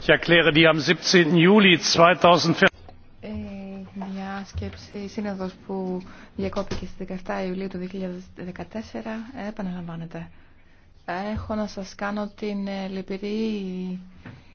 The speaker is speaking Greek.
Ich erkläre die διάσκεψη, ε, που διακόπηκε στις 17 Ιουλίου του 2014 επαναλαμβάνεται. Έχω να σας κάνω την ε, λυπηρή